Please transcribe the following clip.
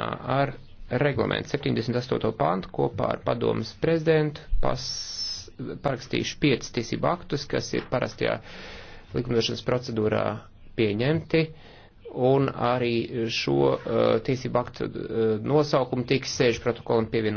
ar reglamentu 78. pantu kopā ar padomas prezidentu pas, parakstījuši pieci tiesību aktus, kas ir parastajā likumdošanas procedūrā pieņemti, un arī šo uh, tiesību aktu uh, nosaukumu tiks sēžu protokolam pievienot.